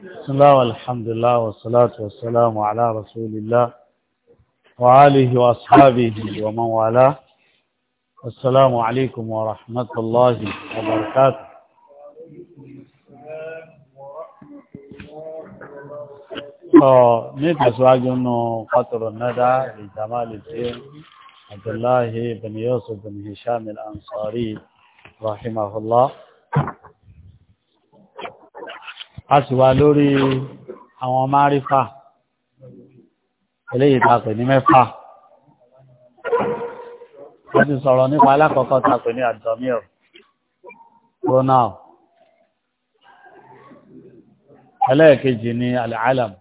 بسم الله والحمد لله والصلاة والسلام على رسول الله وآله وأصحابه ومن والاه السلام عليكم ورحمة الله وبركاته نتسواج أنه قطر الندى لجمال الدين عبد الله بن يوسف بن هشام الأنصاري رحمه الله a sì wà lórí àwọn márífà eléyìí ta pè ní mẹ́fà wọ́n ti sọ̀rọ̀ nípa alákọ̀ọ́kọ́ ta pè ní àjọmíọ̀ ronald ẹlẹ́ẹ̀kejì ni al'alam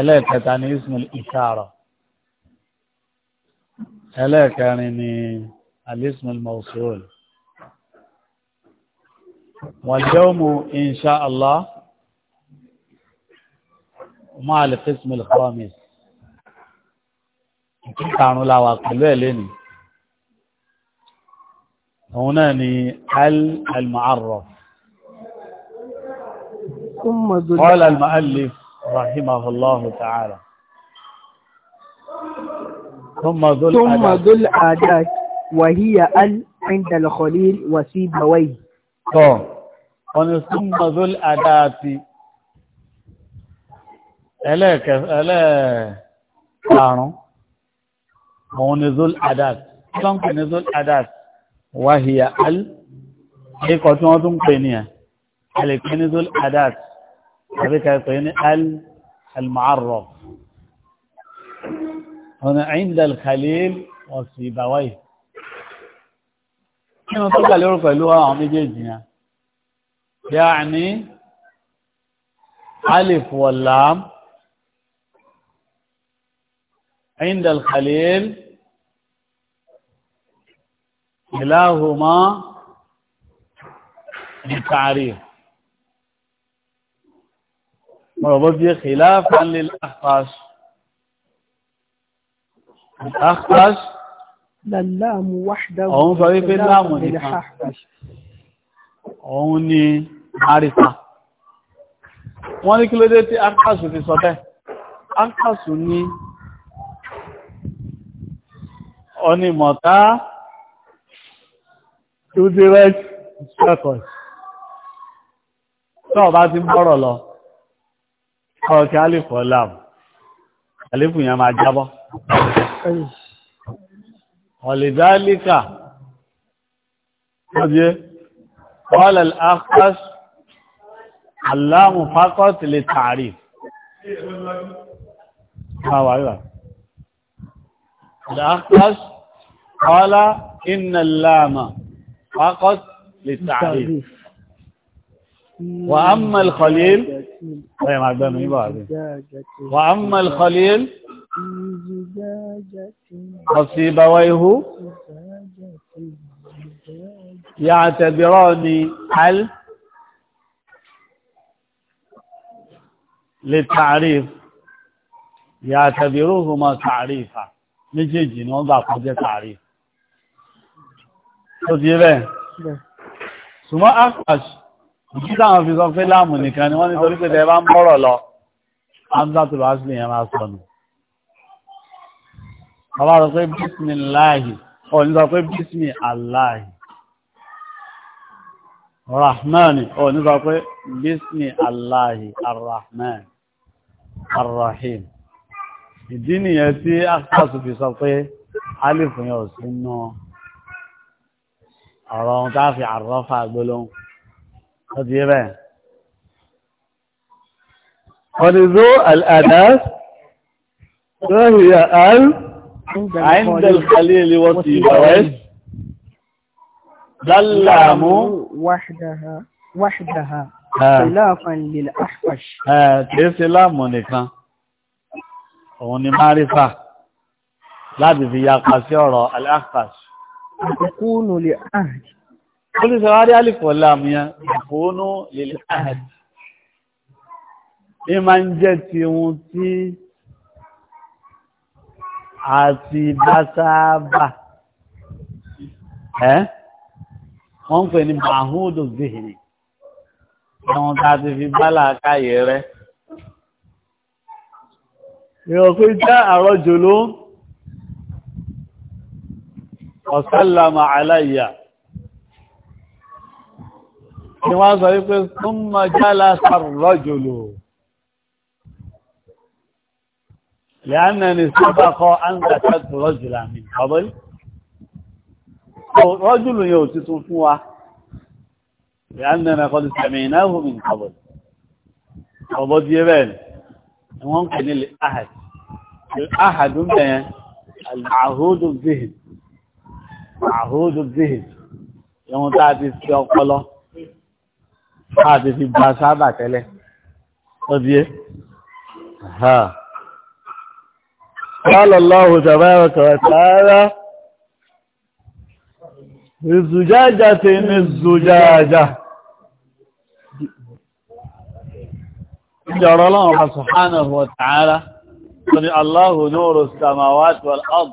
ẹlẹ́ẹ̀kẹta ni ismail ishara ẹlẹ́ẹ̀kẹrin ni alismail mausul واليوم إن شاء الله مع القسم الخامس كانوا لا واقلوا لني هنا المعرف قال المؤلف رحمه الله تعالى ثم ذو ثم ذو الأداة وهي ال عند الخليل وسيبويه wọ́n ni súnmọ́ zol adáàtì ẹlẹ́ẹ̀kẹ̀ẹ́lẹ́ẹ̀kàrún òun ni zol adáàtì sọ́nkù ni zol adáàtì wáhíyà al ikọ̀ tí wọ́n tún pè ní ẹ̀ alẹ́kẹ́ ni zol adáàtì àríkẹ́ pè ní al al-mu'arraf هنا عند الخليل وسيبويه كما تقول لك لغة عميجة جنيه يعني ألف واللام عند الخليل كلاهما للتعريف وبدي خلافا للأخص الأخص للام وحده هم فريق اللام ونحاح أوني àrífà wọ́n ní kí ló dé tí ankasu fi sọ bẹ́ẹ̀ ankasu ní ọ̀nìmọ̀ta tudirect circus tí ọba ti bọ́rọ̀ lọ ọ̀kẹ́ alìfọ́ lam alìfù yẹn máa jábọ́ ọ̀lẹ̀dálíkà ọ̀dẹ́ ọ̀lẹ̀láàkásù علام فقط للتعريف اه ايوه الاخفش قال ان اللام فقط للتعريف واما الخليل اي عدنا يبقى واما الخليل ويه يعتبران هل للتعريف يعتبروهما تعريفا méjèèjì ni wọ́n gbà kó jẹ́ تعريف tó ti rẹ̀ ṣùgbọ́n akpash ìjí táwọn fi sọ pé láàmù nìkan ni wọ́n ní torí pé tẹ́ bá ń bọ́rọ̀ lọ amza tó bá sílẹ̀ yẹn máa sọnù bàbá sọ pé bísmì láàyè ọ̀ ní sọ pé bísmì aláàyè rahman ọ̀ ní sọ pé bísmì aláàyè arrahman arrahim ìdí nìyẹn tí akásù fi sọ pé alifu yẹn ò sí nù ọ̀rọ̀ ohun tá a fi àrọ́fà gbólóhùn ó ti yé bẹ́ẹ̀. ونذو الأناس وهي أل عند الخليل والسيبويس دلام وحدها وحدها kìí ṣe láàmù nìkan òun ni márífà láti fi yapa sí ọ̀rọ̀ al-Ahfash àkókónù lè áàdì ó ti sọwárí alìfò láàmù yẹn àkókónù lè áàdì ní máa ń jẹ́ ti ohun tí a ti bá sáábà ẹ́ wọ́n ń pè ní mahudu zihiri àwọn tá a ti fi bálà káyè rẹ. Ìrọ̀ pé já àrọ́jò ló ọ̀sálàmà aláyà. Ni wọ́n sọ wípé súnmọ̀ jálá sàrọ́jò ló. Lẹ́ánà ni sábà kọ́ rọ́jùlá mi. Rọ́jùlù yẹn ò tuntun fún wa. لأننا قد سمعناه من قبل قبض يبان ممكن الأحد الأحد من المعهود الذهن معهود الذهن يوم تعطي في أقلة تعطي في باسابة تلك قد ها قال الله تبارك وتعالى الزجاجة الزجاجة جرى الله سبحانه وتعالى صنع الله نور السماوات والأرض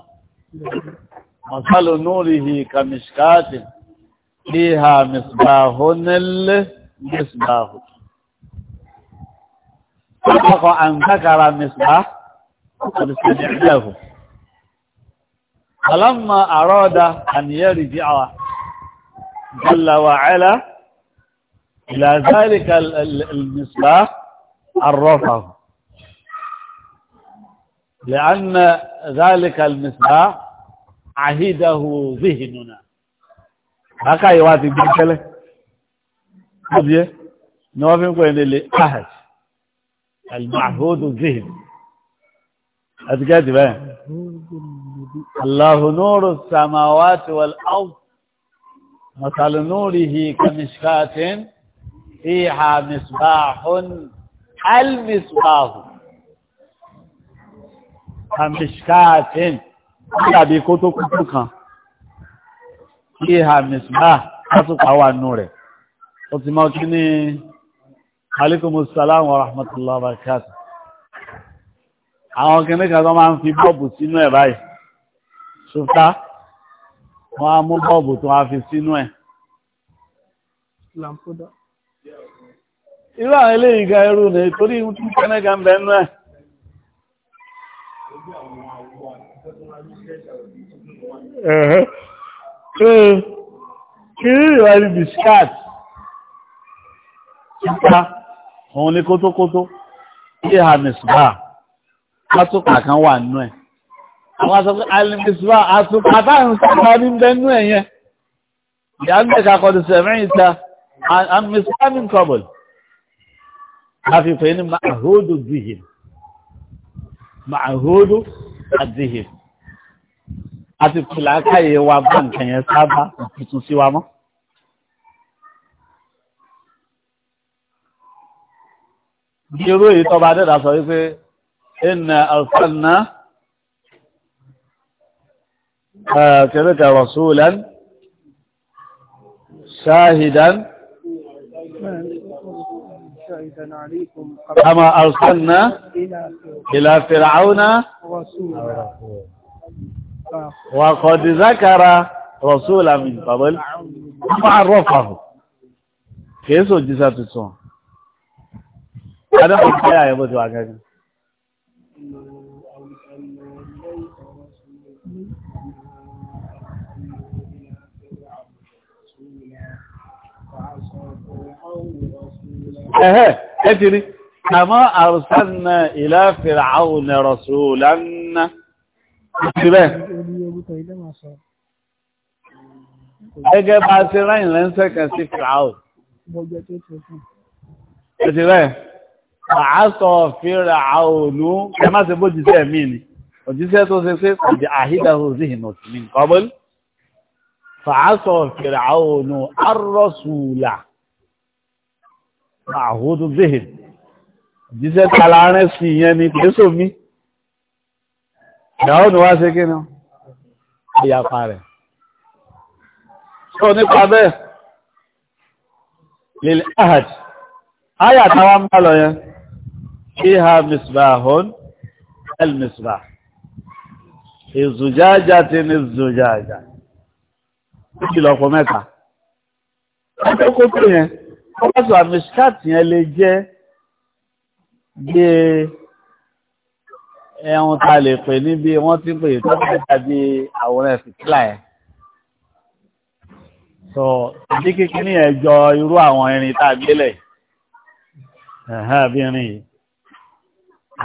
مثل نوره كمشكات فيها مصباح للمصباح سبق أن ذكر المصباح قد سمعناه فلما أراد أن يرجع جل وعلا إلى ذلك المصباح الرفض لأن ذلك المصباح عهده ذهننا هكا يواتي بيكالي طيب، نبي نبي نقول اللي أهج المعهود ذهن أتكاتب الله نور السماوات والأرض مثل نوره كمشكات فيها مصباح almisbahu hamishkatin tàbí kótó kúkú kan kí hamisbah látùpá wà nù rẹ̀ ó ti mọ́ kí ní alaikumussalam wa rahmatullahi wa barakatuh àwọn kìnnì kan tó máa ń fi bọ́ọ̀bù sínú ẹ̀ báyìí ṣùfta wọ́n á mú bọ́ọ̀bù tó wá fi sínú ẹ̀ irú àwọn ilé ìga ẹrù ní torí ìhun tí kẹ́nẹ́gà ń bẹ̀ ń rẹ̀ kí rí ìwà ní biskat títà òun ní kótókótó kí ha mìsùbà átùpà kan wà nínú ẹ̀ àwọn asọ́pẹ́ alìmìsùbà àtùpà táàrùn sọ́pàá ní bẹ́nú ẹ̀yẹn ìyá ń bẹ̀ka kọ́dù sẹ̀mẹ́yìn ta and mr láfi pé ní ma'ahudu zihim ma'ahudu azihim àti pìlà káyé wa bá nǹkan yẹn sábà tuntun sí wa mọ́ bí irú èyí tọba dẹ́dà sọ wípé inna arsalna kẹrẹkẹ rasulan shahidan شاهدا عليكم كما أرسلنا إلى فرعون رسولا وقد ذكر رسولا من قبل فعرفه kìí sọ jíṣẹ́ tuntun adẹ́kùn káyà ẹ̀bọ̀ tí wà gẹ́gẹ́ ẹ̀hẹ́ ẹ ti rí kàmọ́ àrùsánà ìlà fìràún rọ̀sùlánà síbẹ̀ gẹ́gẹ́ bá ti ráyìn lẹ́nsẹ̀ kan sí fìràún ẹ ti rẹ̀ àásọ̀ fìràún ẹ má ṣe bójúṣẹ́ mí ni òjíṣẹ́ tó ṣe pé kò jẹ́ àhídáhù àhódú zéhìn jíṣẹ́ tí aláàrẹ sí ìyẹn ni pèsò mí ìyàwó ni wá ṣe kí ni ìyàpá rẹ̀ tó nípa bẹ́ẹ̀ lil ahad ayà táwa ń bá lọ yẹn iha misbahun el misbah ìzùjájá ti ní ìzùjájá ó mẹ́ta ó tó tó yẹn kọ́kọ́sọ̀ àmìsíkàtì yẹn lè jẹ́ bí ẹ̀hún ta lè pè níbi wọ́n ti pè tọ́jú tàbí àwòrán ìfìtílà ẹ̀ sọ ìdí kékeré yẹn jọ irú àwọn irin tá a gbélẹ̀ bí irin yìí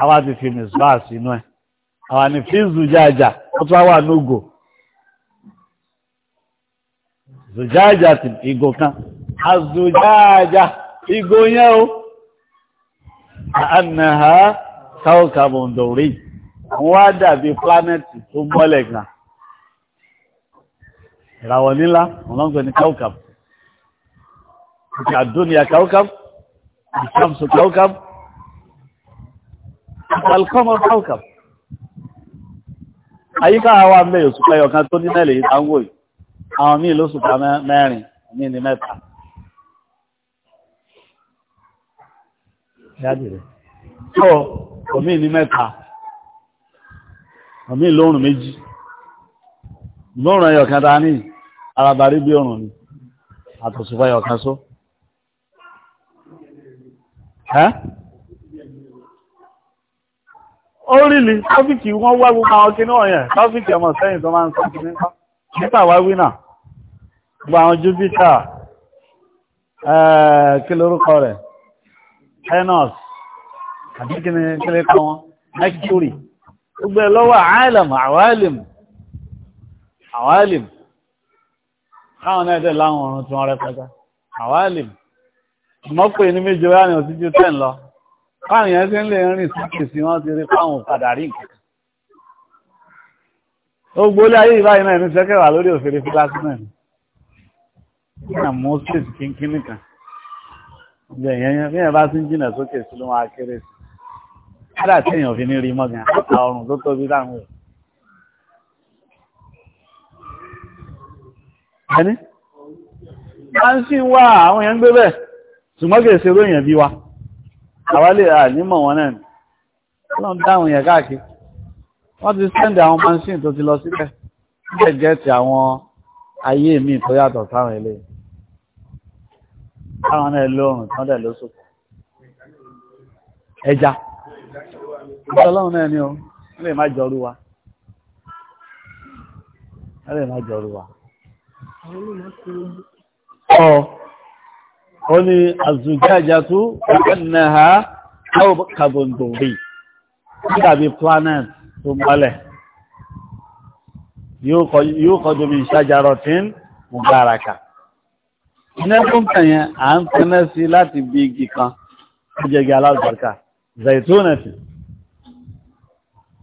àwa ti fi mìsíbà sínú ẹ̀ àwa ni fíìsù jájà ó tún wà nógò zùjájà ìgò kan àzùjáàjá igbó yẹn o àánàhà káùkàbọ̀ndọ̀rí wọ́n á dàbí plánẹ̀tì tó mọ́lẹ̀ gbà ìràwọ̀ nílá ọlọ́gbẹ̀ ni káùkàb àdúnìyà káùkàb ìṣàmsù káùkàb alkọ́mọ̀ káùkàb àyíká àwọn amẹ́yọ̀ sùpẹ́yọ̀ kan tó ní mẹ́lẹ̀ yìí táwọn míì ló sùpá mẹ́rin míì ní mẹ́ta dáàdì rẹ̀ tó omi ní mẹ́ta omi lóòrùn méjì lóòrùn ẹyọ̀kan ta ní arabarí bí òrùn ni àtọ̀sùpá ẹyọ̀kan só ẹ́ ó rí ni tọ́fíkì wọ́n wá gbogbo àwọn kinní ọ̀yẹn tọ́fíkì ọmọ sẹ́yìn tó máa ń sọ kinní nípa wá wínà gbogbo àwọn Jupiter kí lórúkọ rẹ̀ henos àbíkíní kílé kan wọn mercury gbogbo ẹ lọ́wọ́ àálàm àwálìm àwálìm káwọn náà tẹ̀ láwọn ọ̀run tí wọ́n rẹ pẹ́ta àwálìm mọ́pẹ́ ní méjì wáyà ní òsíjú tẹ̀ ń lọ káwọn yẹn ti ń lè rìn sókè sí wọ́n ti rí káwọn padà rí nǹkan gbogbo ilé ayé ìbáyìí náà ní sẹ́kẹ̀wà lórí òfèrè fúlásí náà ní moses kínkín nìkan bẹ́ẹ̀ bá tún jìnà sókè sí ló máa kéré sí kádà tí èèyàn fi ní rí mọ́gàn àtà ọrùn tó tóbi láwọn ẹ̀ ẹni máa ń sì wá àwọn èèyàn gbé bẹ́ẹ̀ ṣùgbọ́n kìí ṣe ròyìn bí wa àwa lè rà nímọ̀ wọn náà ló ń dáhùn yẹn káàkiri wọ́n ti sẹ́ndì àwọn máṣíìn tó ti lọ síbẹ̀ jẹ́ jẹ́ ti àwọn ayé mi tó yàtọ̀ sáwọn eléyìí káwọn náà lóòrùn tán dẹ̀ lóṣù ẹja ọlọ́run náà ni ó lè má jọrú wa lè má jọrú wa ọ ó ní àzùjájátú ẹ̀nàhà kàbọ̀ndòrí dàbí planet tó mọ́lẹ̀ yóò kọjú mi ṣájárọ̀ tí ń mubaraka iná tó ń tàn yẹn à ń tẹ́ná sí láti bí igi kan ó jẹ́ igi alágbàríkà zaitona ti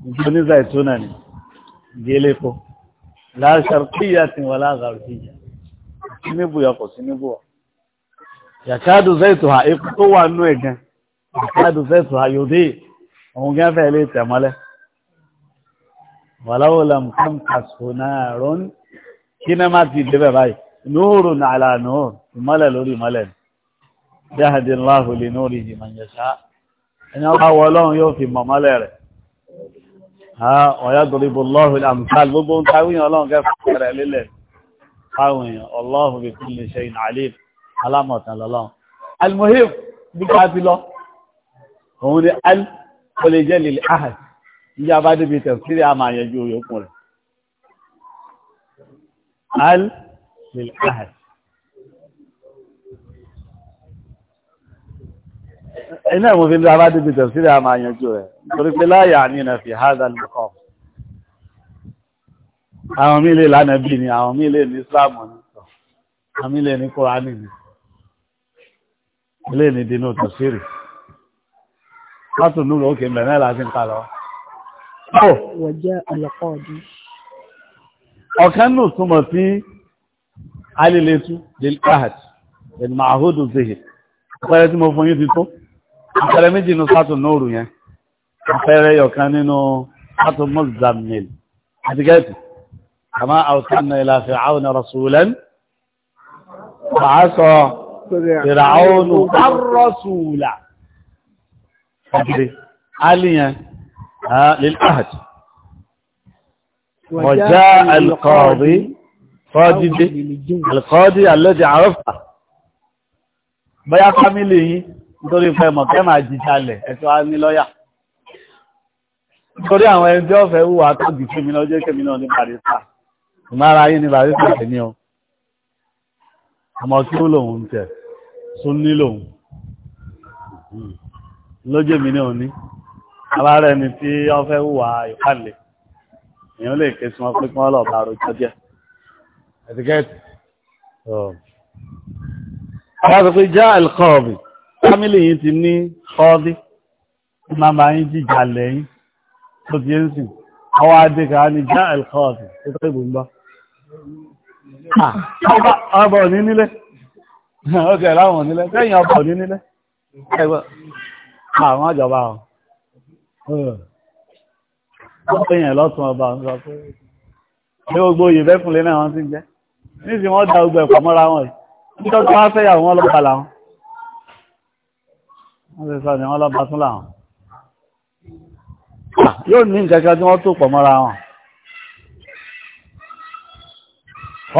ìjọ ní zaitona ni gẹ́lẹ́kọ́ láṣàrtíyà ti wà láàrín níbù yọkọ̀ sí níbù ọ̀ yàkádù zaitu ha ikú tó wà nú ẹ̀gán yàkádù zaitu ha yóò dé òun gán fẹ́ lè tẹ̀mọ́lẹ̀ wàláwọ́lá mú kí n kàṣọ ti débẹ̀ báyìí nóòrò nàlà nóòrò ìmọ́lẹ̀ lórí ìmọ́lẹ̀ dáhàdì láhùlì nóòrì ìmọ̀nyẹ̀ṣá ẹni ọba wọ ọlọ́run yóò fi mọ̀mọ́lẹ̀ rẹ̀ ọ̀yàdùrìbù lọ́hùlì àmìkàl gbogbo ń káwíyàn ọlọ́run kẹfẹ́ rẹ̀ lélẹ̀ fáwọn èèyàn ọlọ́run bí kú lè ṣe ìnàlẹ́ alámọ̀tàn lọ́lọ́run almuhim bí ká ti lọ òun ni al kò lè jẹ́ lílẹ̀ ahad ìyá bá débi tẹ̀síri àmà àyẹ̀jú òyòkùn rẹ̀ al للعهد iná mo fi ń dára débi tẹ̀síri a máa yanjú rẹ̀ nítorí pé láyà ní ẹ̀nà fi hádà lọ́kọ̀ àwọn mílẹ̀ lánàá bí ni àwọn mílẹ̀ ní Islam ní sọ àwọn mílẹ̀ ní Kùránì ní ilé ní dínú tẹ̀síri látùnú lókè mẹ́rin láti ń kà lọ. ọ̀kan nù túmọ̀ sí عللته للأهد المعهود الذهن àpẹẹrẹ tí mo fún yín ti tó àpẹẹrẹ méjì ní sátò nóòrù yẹn àpẹẹrẹ yọ̀kan nínú sátò mọ́sàmìlì àti gẹ́ẹ̀tì àmá àwùsànà ìlàfẹ́ àwọn rasulẹ́n pàásọ ìràwọnù arọ́sùlà ọ̀gbẹ̀ alìyàn lil ahad wọ̀já alkọ̀ọ̀rí kọ́dídé alkọ́dí alẹ́dì àrọ́fà bọ́yá fámílì yìí nítorí fẹ́ mọ̀ kẹ́ máa jíjalẹ̀ ẹ̀tọ́ á ní lọ́yà nítorí àwọn ẹgbẹ́ ọ̀fẹ́ wùwà tó jù fún mi lọ́jọ́ kẹ́mi náà ní barista ìmára yìí ní barista rẹ̀ ní ọ ọmọ kí ó lòun tẹ̀ tún ní lè ké sí wọn pé kí wọ́n jẹ́ ẹ̀dìgẹ́tì ọ̀rọ̀ pé já alkọ́ọ̀bì fámílì yìí ti ní kọ́ọ̀dí máma yìí jíjà lẹ́yìn tó ti ń sìn àwọn adéka ní já alkọ́ọ̀bì tó tó ìbò ń bọ́ ọba òní nílé ọkẹ̀ láwọn onílé tẹ́yìn ọba òní nílé ẹgbẹ́ àwọn àjọba ọ̀hún ó pèyàn lọ́tún ọba jẹ́ nísì wọ́n da ogun ẹ̀kọ́ mọ́ra wọn yìí tó tó wá fẹ́yà wọn lọ́pàá làwọn wọ́n ti sọ ni wọ́n lọ́pàá tún làwọn yóò ní nǹkan kan tí wọ́n tó pọ̀ mọ́ra wọn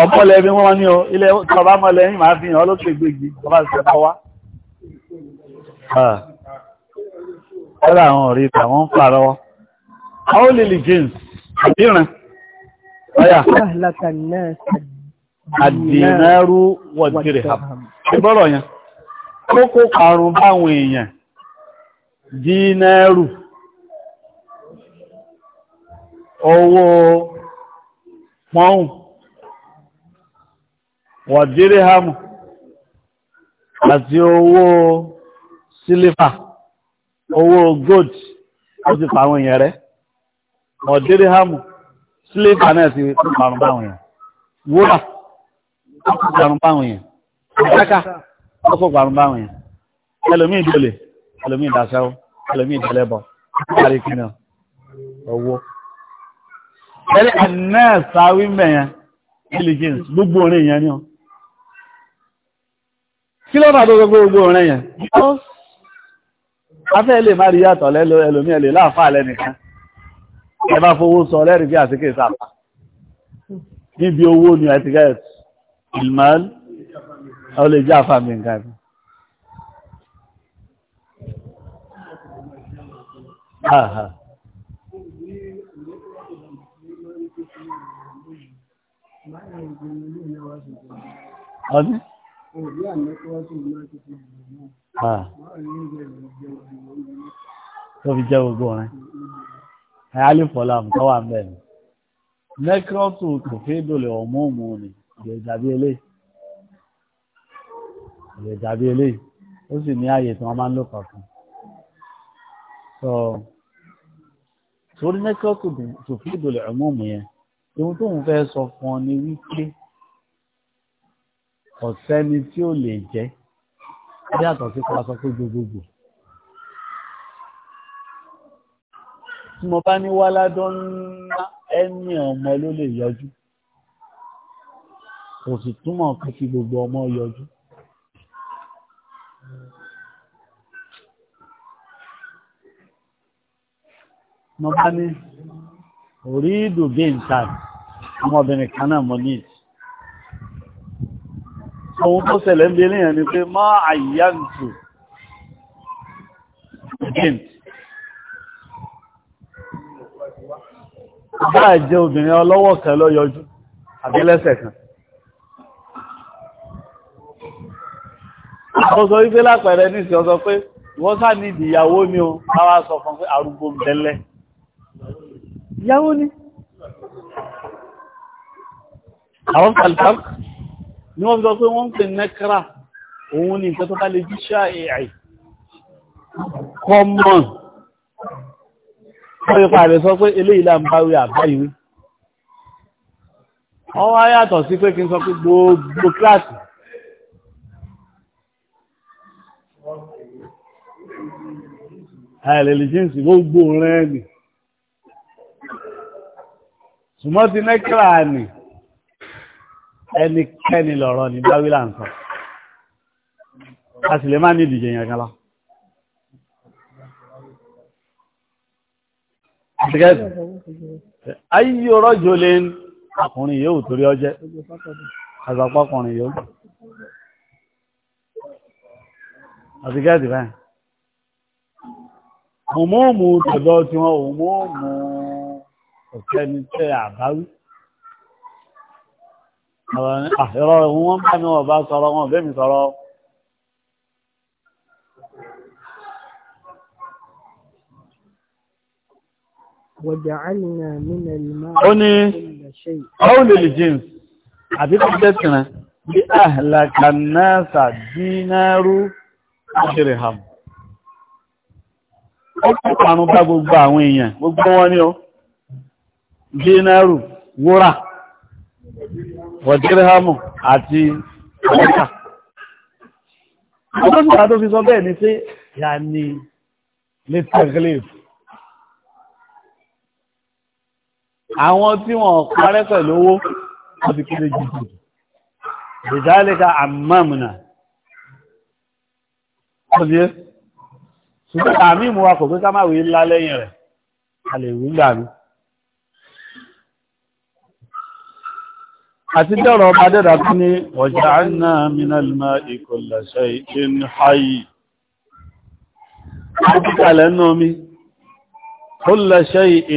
ọ̀pọ̀ lẹ́bí wọ́n ní o ilẹ̀ ọba mọ́lẹ̀ yìí máa fi hàn ọlọ́pẹ̀ gbégi ọba ti sẹ́kọ́ wá ọ̀rọ̀ àwọn ọ̀rí tàwọn ń fà lọ́wọ́ àwọn olè lè james àbíran ọ̀yà àdìnárú wọ̀dìrìhàm ìgbọ́rọ̀ yẹn ó kó báwọn èèyàn n'eru, owó pọ́hùn wọ̀dìrìhàm àti owó sílífà owó gold ó ti pàwọn èèyàn rẹ̀ wọ̀dìrìhàm sílífà náà ti parun èèyàn wúrà ọkọ̀ gbarun báwọn yẹn ṣáká ọkọ̀ gbarun báwọn yẹn ẹlòmíì ìdólè ẹlòmíì ìdásáwó ẹlòmíì ìdálẹ́bọ̀ kárí kìnnà owó. ẹ̀rẹ́ ànẹ́ẹ̀sà wímẹ̀ yẹn diligence gbogbo orin yẹn ni ọ. kí ló máa tó gbogbo gbogbo orin yẹn? afẹ́ lè má rí yàtọ̀ lẹ́lò ẹlòmíì ẹlè láàfáà lẹ́nìkan ẹ bá fowó sọ lẹ́rìí bí àti kéèsà níbi owó ni àti gẹ́ẹ̀tì المال ó lè jẹ́ àfàmì nǹkan ni. Aha. Ọdún? Tó fi jẹ́ gbogbo rẹ̀. Ẹ á lè fọ́lá mú tọ́wà mẹ́rin. Nẹ́kírọ́tù kò fẹ́ dòlè ọmọ òmù ni ìyẹn dàbí eléyìí ìyẹn dàbí eléyìí ó sì ní ààyè tí wọ́n máa ń lò kọ̀ọ̀kan so torí nẹ́tíwọ́ọ̀kì tòfíìdò lè ọmọọmọ yẹn ohun tóun fẹ́ sọ fún ọ ni wípé ọ̀sẹ́ni tí ò lè jẹ́ yàtọ̀ sí pa sọ pé gbogbogbò tí mo bá ní wáládọ́ ńlá ẹni ọmọ ló lè yọjú kò sì túmọ̀ pé kí gbogbo ọmọ yọjú. mo bá ní orí ìdògbé ìtàn ọmọbìnrin kan náà mo ní ìtì ohun tó ṣẹlẹ̀ ń belé yẹn ni pé má àyíyáǹtù again bá jẹ́ obìnrin ọlọ́wọ́ kan lọ yọjú àbílẹ́sẹ̀ kan ó sọ wípé lápẹẹrẹ nísìnyí ó sọ pé wọ́n sá ní ìdìyàwó ni o káwá sọ fún pé arúgbó ń tẹ́lẹ̀ ìyàwó ni àwọn falcon ni wọ́n fi sọ pé wọ́n ń pè nẹ́kírà òun ni nǹkan tó bá lè jí ṣáàì common wọ́n fi pààrẹ sọ pé eléyìí là ń bá àbáyìí ọwọ́ àìlèlìjẹ́nsì gbogbo rẹ̀ nì ṣùgbọ́n ti nẹ́kìlá nì ẹnikẹ́ni lọ̀rọ̀ ní dáwílà ń sọ a sì lè máa ní ìdíje yẹn kan lọ ayé ọrọ́jọ́ lè ń ọkùnrin yóò torí ọjẹ́ àgbàpọ̀kùnrin yóò àti gẹ́ẹ̀dì báyìí òmóòmù tọ̀dọ̀ tí wọ́n òmóòmù ọ̀kẹ́ni tẹ́ àbáwí àṣírọ́ ah, ohun wọ́n bá ní wọ́n bá sọ̀rọ̀ wọn bẹ́mi sọ̀rọ̀ ó ní ọ́wùlè lè jíns àti kọ́kẹ́ tìrìn bí náà sàdínárú àṣírìhàmù ọ̀pọ̀pọ̀ bá gbogbo àwọn èèyàn gbogbo wọn ni ó dínárù wúrà wọ̀dírhámù àti ọ̀pọ̀pọ̀ ọdún ìgbà tó fi sọ bẹ́ẹ̀ ni pé yà ní lẹ́tẹ̀gẹ́lẹ́f àwọn tí wọ́n parẹ́ pẹ̀lú owó wọ́n ti kéré jù ìdálẹ́ka àmàmùnà ọdún ṣùgbọ́n àmì ìmú wa kò pé ká má wí ńlá lẹ́yìn rẹ̀ a lè wí ńgbà mi. àti dẹ́rọ ọba dẹ́dà tún ní ọjà àná mínàlùmá ìkọlẹ̀ṣẹ́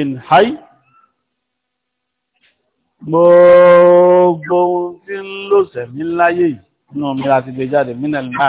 ìhàyì gbogbo ohun tí ń lòsẹ̀mí láyé yìí nínú omi láti gbé jáde mínàlùmá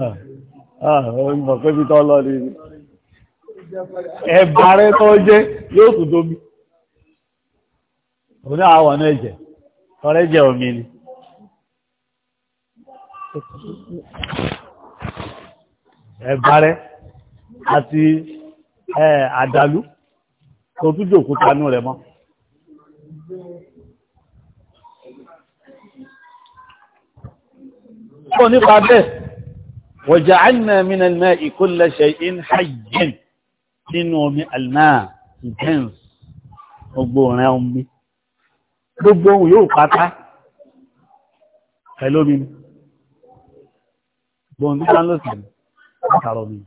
Ah, ah, mọ̀ pé bí tọ́ lọ ni ẹ̀bà rẹ tó jẹ́ yóò tún domi òun náà wọ̀ náà jẹ́ ọ̀rẹ́ jẹ́ omi ni ẹ̀bà rẹ àti àdàlú tó tún jòkó kanú rẹ̀ mọ́ Ó nípa bẹ́ẹ̀. وجعلنا من الماء كل شيء حي إنه omi الماء intense gbogbo ọ̀rẹ́ omi gbogbo ohun yóò pátá pẹ̀lú omi ni gbogbo ohun tí lọ́sẹ̀ ní látàrọ omi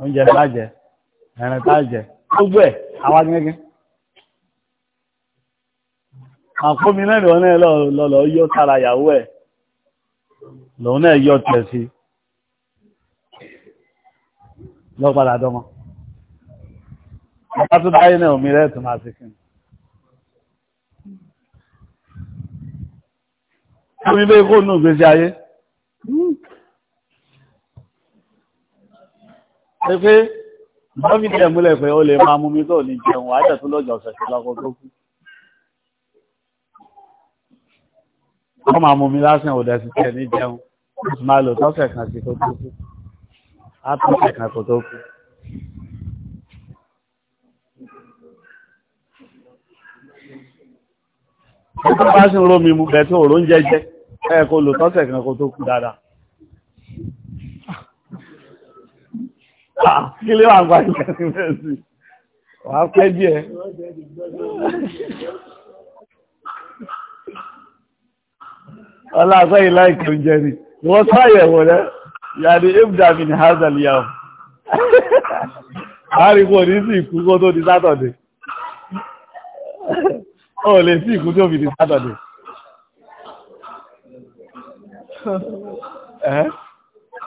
oúnjẹ tàjẹ ẹ̀rẹ̀ tàjẹ gbogbo ẹ̀ àwọn gẹ́gẹ́ àkómi lẹ́nu ọ̀nà lọ́lọ́ yóò tara ìyàwó ẹ̀ lòun náà yọ tẹ̀ sí lọ padà dọ́mọ́ ọba tó dáyé náà omi rẹ̀ tó máa ṣe kí omi bẹ́ẹ̀ kó nù gbèsè ayé pé lọ́fíìdì ẹ̀múlẹ̀ pé ó lè máa mú mi tó ní jẹun àjẹ́ tó lọ́jọ́ ọ̀sẹ̀ sí lọ́kọ́ tó kú wọ́n máa mú mi lásán ò dẹ̀sí tẹ̀ ní jẹun ó sì máa lò tọ́sẹ̀ kan sí kó tó kú á tọ́sẹ̀ kan kó tó kú. ó bá sì ń ró mi mú bẹ̀ tí òró ń jẹ́jẹ́ ẹ̀ kó lò tọ́sẹ̀ kan kó tó kú dáadáa. Ah, kí ló wà ń gbà yẹn sí wàá pẹ́ díẹ̀. ọlọ́pàá yìí láìkì oúnjẹ ni wọ́n sáyẹ̀wò rẹ̀ yàní ibdami ni hazel yahoo àríkò ní sí ìkú kó tó di sátọ̀dẹ̀ ó lè sí ìkú tó fi di sátọ̀dẹ̀ ẹ́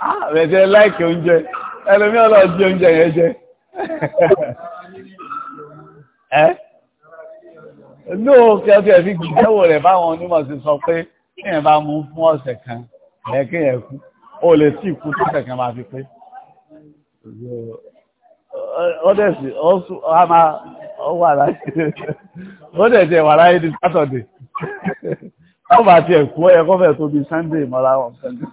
ah, rẹ̀jẹ̀ láìkì oúnjẹ ẹlòmí ọlọ́ọ̀dí oúnjẹ yẹn jẹ ẹ́ lóòkẹ́ ọ̀tẹ̀ fi gbìyànwò rẹ̀ báwọn onímọ̀ sí sọ pé kíyàn bá mú fún ọ̀sẹ̀ kan ẹ̀kíyàn kú o lè tí kú tọ́sẹ̀ kan máa fi pé ó dẹ̀ sí ó máa ó wà láyé ó dẹ̀ tiẹ̀ wà láyé ní sátọ̀dẹ̀ ó bá tiẹ̀ kú ó yẹ kó fẹ́ tóbi sunday mọ́ra wọn pẹ̀lú.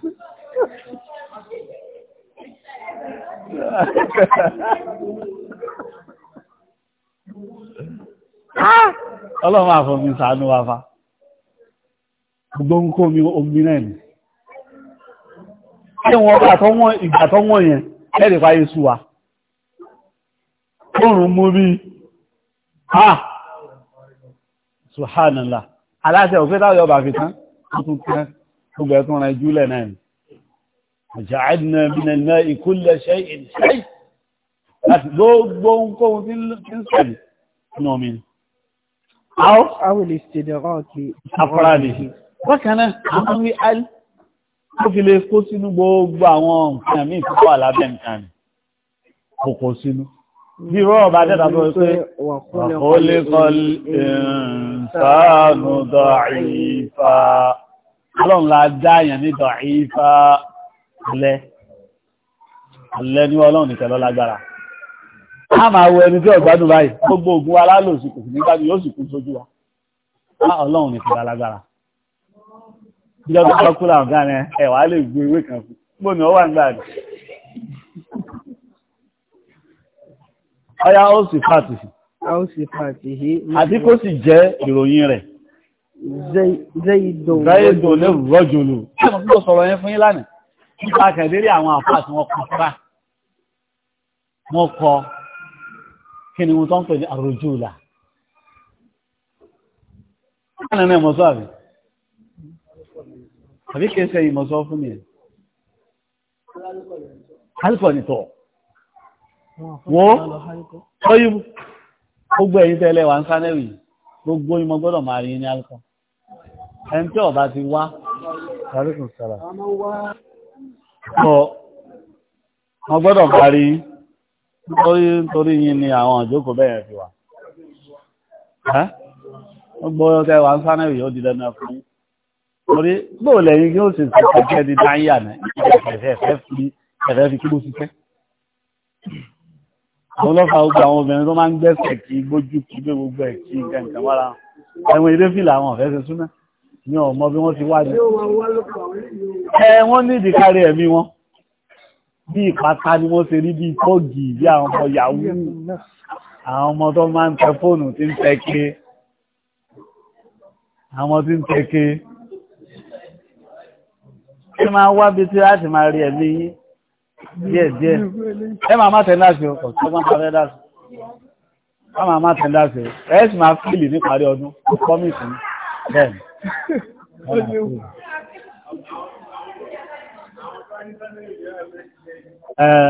Ah! ọlọ́run àfọ̀mí ṣàánú wa gbogbo ń kó mi omi náà ni ṣe wọn ìgbà tó wọ́n yẹn lẹ́rẹ̀ fáyé súwa oòrùn mú rí ha subhanallah aláṣẹ òfin táwọn yọba fi tán tuntun kan gbogbo ẹ̀tún rẹ̀ júlẹ̀ náà ni ja'alna min al-ma'i kulla láti gbogbo ohun tí ń sẹ̀lẹ̀ náà mi. Àwọn olè ṣe dẹ̀rọ̀ kí. Afọ́ra nìyí bákan náà àwọn wí al ó fi lè kó sínú gbogbo àwọn nǹkan míì tó wà lábẹ́ nǹkan ni kò kó sínú bí rọ́ọ̀ bá dẹ́ta bọ́ pé wàkúlẹ́kọ̀ ìsánú dọ̀ífà ọlọ́run la dáyàn ní dọ̀ífà alẹ́ alẹ́ ní ọlọ́run nìkan lọ lágbára a máa wo ẹni tí ọ̀gbádùn báyìí gbogbo ogun alálòsìkò nígbàdùn yóò sì kú sójú wa ọlọ́run nìkan lágbára ìjọba bá kú rẹ̀ ẹ̀wà lè gbé ewé kan fún ọwà ńgbà rẹ̀ ọya ó sì fàtì àti kó sì jẹ́ ìròyìn rẹ̀ zẹ́ìdò lè rọ́jòlò ẹ̀mọ̀ sọ̀rọ̀ yẹn fún ìlànà nípa kẹ̀dẹ́rẹ́ àwọn àpáàtì wọn kọ fúra wọn kọ kí ni wọn àròjù àbí kìí ṣe ìmọ̀ sọ fún mi alìkọ̀ nìtọ̀ wọ́n tọ́yí gbogbo ẹ̀yìn tẹ́lẹ̀ wà ń sánẹ́rì gbogbo ìmọ̀ gbọ́dọ̀ máa rí ní alìkọ̀ ẹni tí ọba ti wá àríkùn sára wọ́n gbọ́dọ̀ máa ń sánẹ́rì ó di fún torí bóò lẹ́yìn yóò sì ti ṣẹ̀fẹ́ di dáyà náà ẹ̀fẹ́ fi kí ló ti fẹ́. àwọn ọlọ́fà ogun àwọn obìnrin tó máa ń gbẹ́sẹ̀ kí gbójú kí gbé gbogbo ẹ̀ kí gàǹgà wára ẹ̀wọ̀n ilé fìlà àwọn ọ̀fẹ́ ṣe súnmọ́ ní ọmọ bí wọ́n ti wá ní. ẹ wọ́n ní ìdíkárí ẹ̀mí wọn bí ìpátá ni wọ́n ṣe rí bí tọ́ọ̀gì bí àwọn ọmọ yahoo àwọn ọmọ tó máa ń tẹ fóònù tí ń tẹ ké àwọn tí ń tẹ ké ẹ máa wá bí tí láti máa rí ẹ̀mí yín díẹ̀ díẹ̀ ẹ máa má tẹ̀lé àṣẹ ọkọ̀ tí wọ́n máa fẹ́ dáṣẹ wọ́n máa má tẹ̀lé àṣẹ ẹ sì máa fíìlì ní parí ọdún kọ́mìtì bẹ́ẹ̀ ni.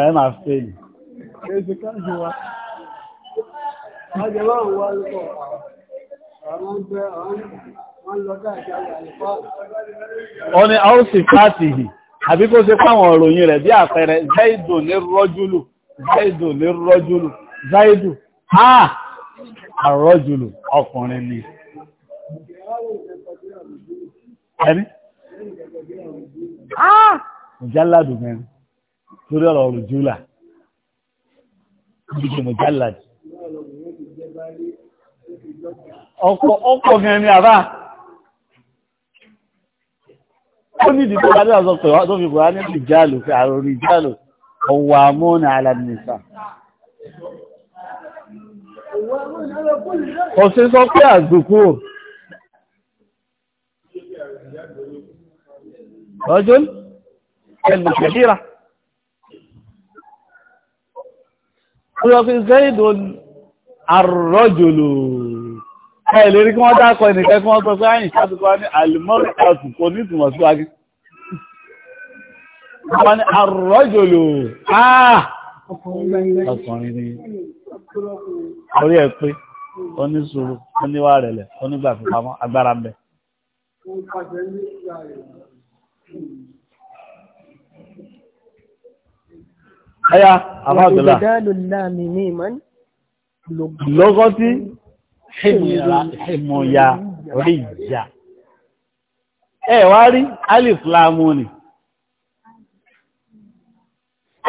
ẹ máa fíìlì. Ajẹ́ báwo wá lọ́pọ̀ àwọn ọ̀gbẹ́ àwọn ó ní a ó sì fàtìhì àbí kó ṣe fáwọn òròyìn rẹ̀ bí àpẹẹrẹ zaidu ní rọ́júlù zaidu ní rọ́júlù zaidu ah àrọ́júlù ọkùnrin ni ẹni ah mùjáládù mẹ́rin lórí ọ̀rọ̀ òrùjúlà ìdíje mùjáládù ọkọ̀ ọkọ̀ gẹ̀rin àbá ó ní ìdìbò bá dáa sọ pé wá tó fi kò wá ní ìjálò pé àrùn ìjálò ọwà mọ́nà alàmìsà kò sọ pé àgbùkú rọ́jún ẹnu kẹfíra ó sọ pé zẹ́ìdùn àrọ́jùlù ẹ lè rí kí wọ́n dákọ̀ ẹnìkẹ́ kí wọ́n sọ pé àyìn ṣàtúkọ́ ní àlùmọ́rì àtù kò ní ìtumọ̀ sí wájú wọ́n ni àrọ́jòlò àà ah! ọkùnrin ni orí ẹ̀ pé oníṣòro oníwà rẹ̀lẹ̀ onígbà fipamọ́ agbára ń bẹ Aya, àbá àgbẹ̀lá. Lọ́gọ́tí hìmùyà ríjà ẹ wá rí alìfìlàmù ni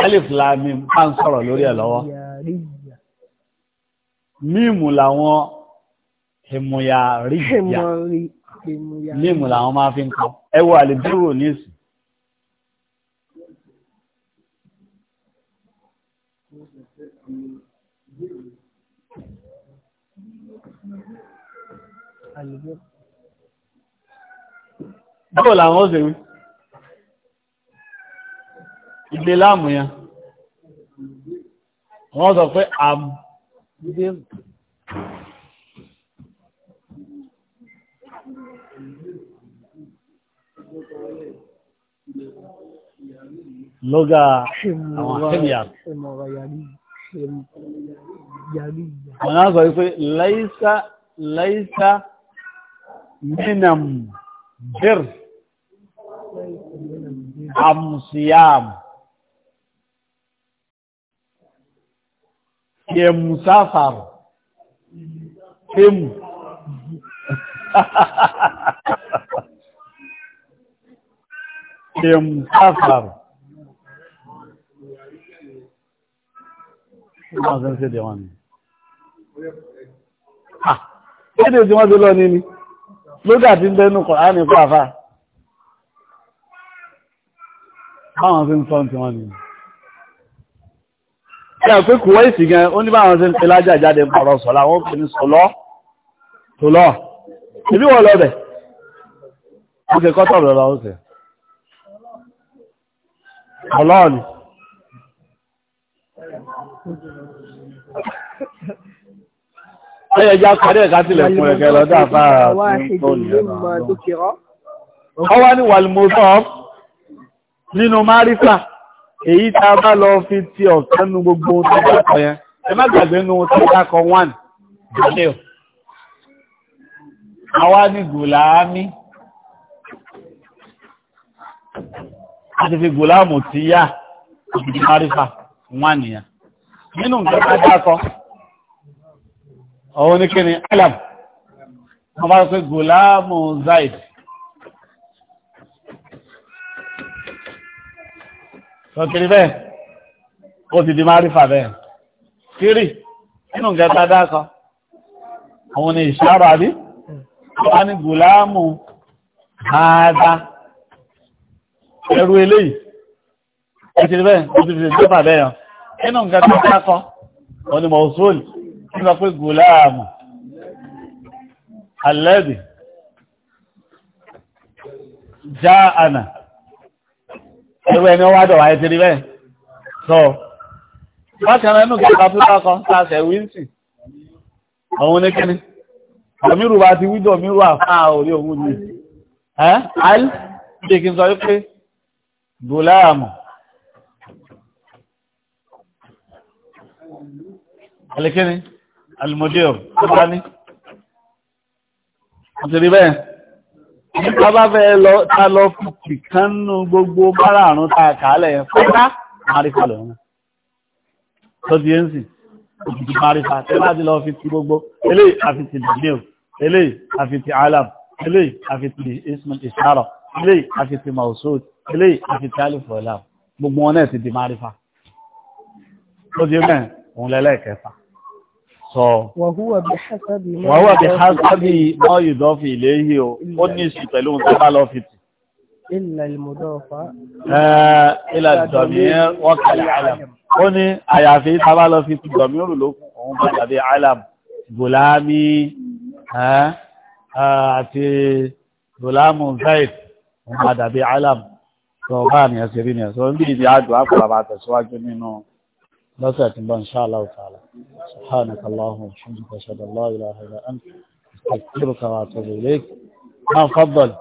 alìfìlàmù bá ń sọ̀rọ̀ lórí ẹ̀ lọ́wọ́ mímù làwọn hìmùyà ríjà mímù làwọn máa fi ń kọ ẹ wo àlìbírò nísìn báwo làwọn ó ṣe wí ìgbé láàmù yẹn wọ́n sọ pé àbúdé lọ́gá àwọn akẹ́mìyà wọ́n sọ wípé láìsá láìsá minam bir am siyam ke musafar tim, ke musafar Ìgbàgbọ́n ṣe dẹ̀wọ́n ni. Ah, ṣe dẹ̀ tí wọ́n lọ ní ni? lódà tí ń bẹ́nu Kùránì kó àfà báwọn sí ń sọ tí wọ́n ni ẹ̀ pé kùwọ́ ìsì gan ó ní báwọn sí ń pelájà jáde pọ̀rọ̀ sọ̀lá wọ́n pè ní sọ̀lọ́ tó lọ́ ìbí wọ́n lọ bẹ̀ ó kẹ kọ́tọ̀ lọ́lọ́ ó sì ọlọ́ọ̀ni Ẹyẹ já parí ẹ̀ká tilẹ̀ fún ẹ̀kẹ́ lọ́dọ̀ àfáà tó ní ẹ̀rọ. Ọ wá ní Wàlmọ́sọ́ nínú Márífà, èyí tá a bá lọ fi ti ọ̀kẹ́ nu gbogbo tó dákọ̀ yẹn. Ẹ má gbàgbé nu tó dákọ̀ wán. Àwa ní Gùlámí. A ti fi Gùlámù ti yá Márífà wán nìyẹn. Nínú nǹkan tá a dákọ̀ ọwọ́ ní kí ni alam wọ́n bá sọ pé gùlámù zaid sọkiri bẹ́ẹ̀ ó ti di máa rí fà bẹ́ẹ̀ kiri nínú gẹta dákọ àwọn ni ìṣàrò àbí wọ́n ní gùlámù àádá ẹrù eléyìí ó ti di bẹ́ẹ̀ ó ti di fà bẹ́ẹ̀ nínú gẹta dákọ wọ́n ni mọ̀ọ́sọ́lì ń sọ pé gùláàmù alẹ́bì já ànà ẹ̀rọ ẹni wádọ̀ wáyé ti rí bẹ́ẹ̀ sọ bákanáà inú kẹta tó dákọ sáàsẹ̀ wíńsì ọ̀hun ní kíní ọ̀mírù bá ti wídọ̀ mírù àfáà orí òun ní ẹ́ al ṣe kí n sọ wípé gùláàmù alẹ́kíní almudir tó bá ní àtìrí bẹ́ẹ̀ nípa bá fẹ́ lọ tá lọ fìkì kan nú gbogbo márààrún tá a kàálẹ̀ yẹn fọ́nká márífà lọ́nà tó di ẹ́ ń sì òkìkì márífà tẹ́ láti lọ fi ti gbogbo eléyìí àfi ti daniel eléyìí àfi ti alam eléyìí àfi ti ismail ishara eléyìí sọ. wàhúwà bí hásábì náà yìí dán fi ilé yìí o ó ní ìsìn pẹ̀lú ohun tó bá lọ fi tì. ilà ìmọ̀dọ́fà. ilà ìdọ̀mí wọ́n kàlẹ̀ alam. ó ní àyàfi tá a bá lọ fi ti dọ̀mí òrù lókun òun bá tàbí alam gòlámì àti gòlámù zaid òun bá tàbí alam. sọ báà ni ẹ rí ni ẹ níbi ìdí àjò àpòlàbà tẹ̀síwájú nínú. نسأل إن شاء الله تعالى سبحانك اللهم وبحمدك أشهد أن لا إله إلا أنت أستغفرك وأتوب إليك ما فضل